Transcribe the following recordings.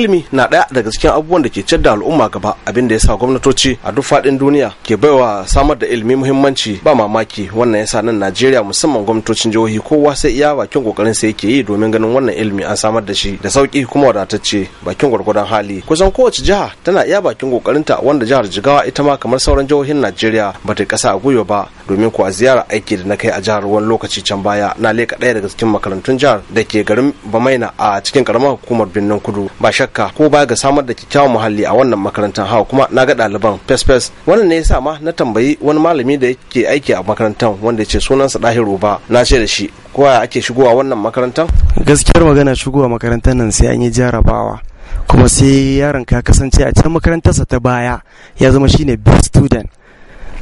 ilimi na ɗaya daga cikin abubuwan da ke ciyar da al'umma gaba abin da yasa gwamnatoci a duk faɗin duniya ke baiwa samar da ilimi muhimmanci ba mamaki wannan yasa nan Najeriya musamman gwamnatocin jihohi kowa sai iya bakin kokarin sa yake yi domin ganin wannan ilimi an samar da shi da sauki kuma wadatacce bakin gwargwadon hali kusan kowace jiha tana iya bakin kokarinta wanda jihar Jigawa ita ma kamar sauran jihohin Najeriya ba ta kasa a gwiwa ba domin a ziyara aiki da na kai a jihar wani lokaci can baya na leka ɗaya daga cikin makarantun jihar da ke garin Bamaina a cikin karamar hukumar Birnin Kudu ba shakka shakka ko ba ga samar da kyakkyawan muhalli a wannan makarantar hawa kuma na ga ɗaliban fes-fes wannan ne yasa ma na tambayi wani malami da yake aiki a makarantar wanda ya ce sunansa ɗahiru ba na ce da shi ko ake shigowa wannan makarantar gaskiyar magana shigowa makarantar nan sai an yi jarabawa kuma sai yaron ka kasance a can makarantarsa ta baya ya zama shine best student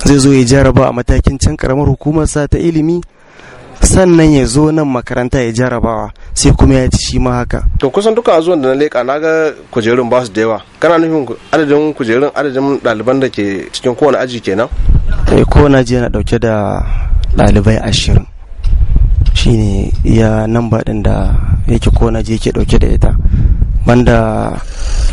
zai zo ya jaraba a matakin can karamar hukumarsa ta ilimi sannan ya zo nan makaranta ya jarabawa sai kuma ya ci shi ma haka to kusan duka a zuwan da na leƙa na ga kujerun ba su da yawa kana nufin adadin kujerun adadin ɗaliban da ke cikin kowane aji kenan eh kowane aji yana dauke da ɗalibai ashirin shine iya nan ɗin da yake kowane aji yake dauke da ita banda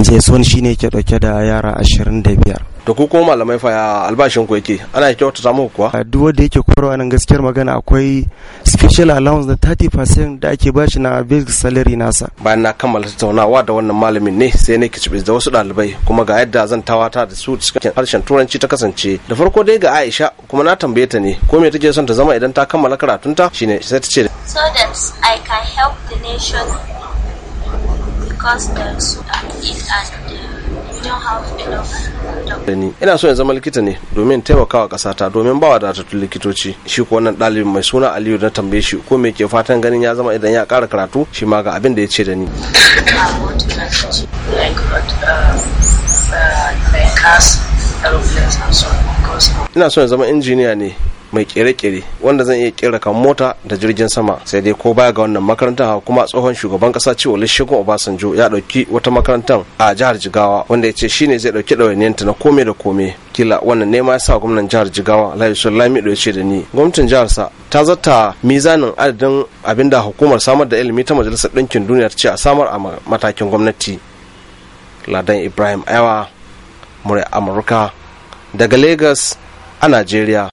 jason shine yake ɗauke da yara ashirin da biyar da ku kuma malamai fa albashin ku yake ana wata samu kuwa duk wanda yake korowa nan gaskiyar magana akwai special allowance da 30% da ake bashi na basic salary nasa bayan na kammala tattaunawa da wannan malamin ne sai ne kicibis da wasu ɗalibai kuma ga yadda zan tawata da su cikin harshen turanci ta kasance da farko dai ga Aisha kuma na tambaye ta ne ko me take son ta zama idan ta kammala karatunta shine sai ta ce so that I can help the nation because the Sudan is and ina so in zama likita ne domin taimakawa kasata domin ba wadatattun likitoci shi ko wannan dalibin mai suna aliyu na tambaye shi ko me ke fatan ganin ya zama idan ya kara karatu shi ma ga abin da ya ce da ni ina so in zama injiniya ne mai kere-kere wanda zan iya kera kan mota da jirgin sama sai dai ko baya ga wannan makarantar kuma tsohon shugaban kasa ce olusegun obasanjo ya dauki wata makarantar a jihar jigawa wanda ya ce shine zai dauki ɗawainiyanta na kome da kome kila wannan nema ya sa gwamnan jihar jigawa alhaji sulami ya ce da ni gwamnatin jihar sa ta zata mizanin adadin abinda hukumar samar da ilimi ta majalisar ɗinkin duniya ce a samar a matakin gwamnati ladan ibrahim aiwa murai amurka daga lagos a najeriya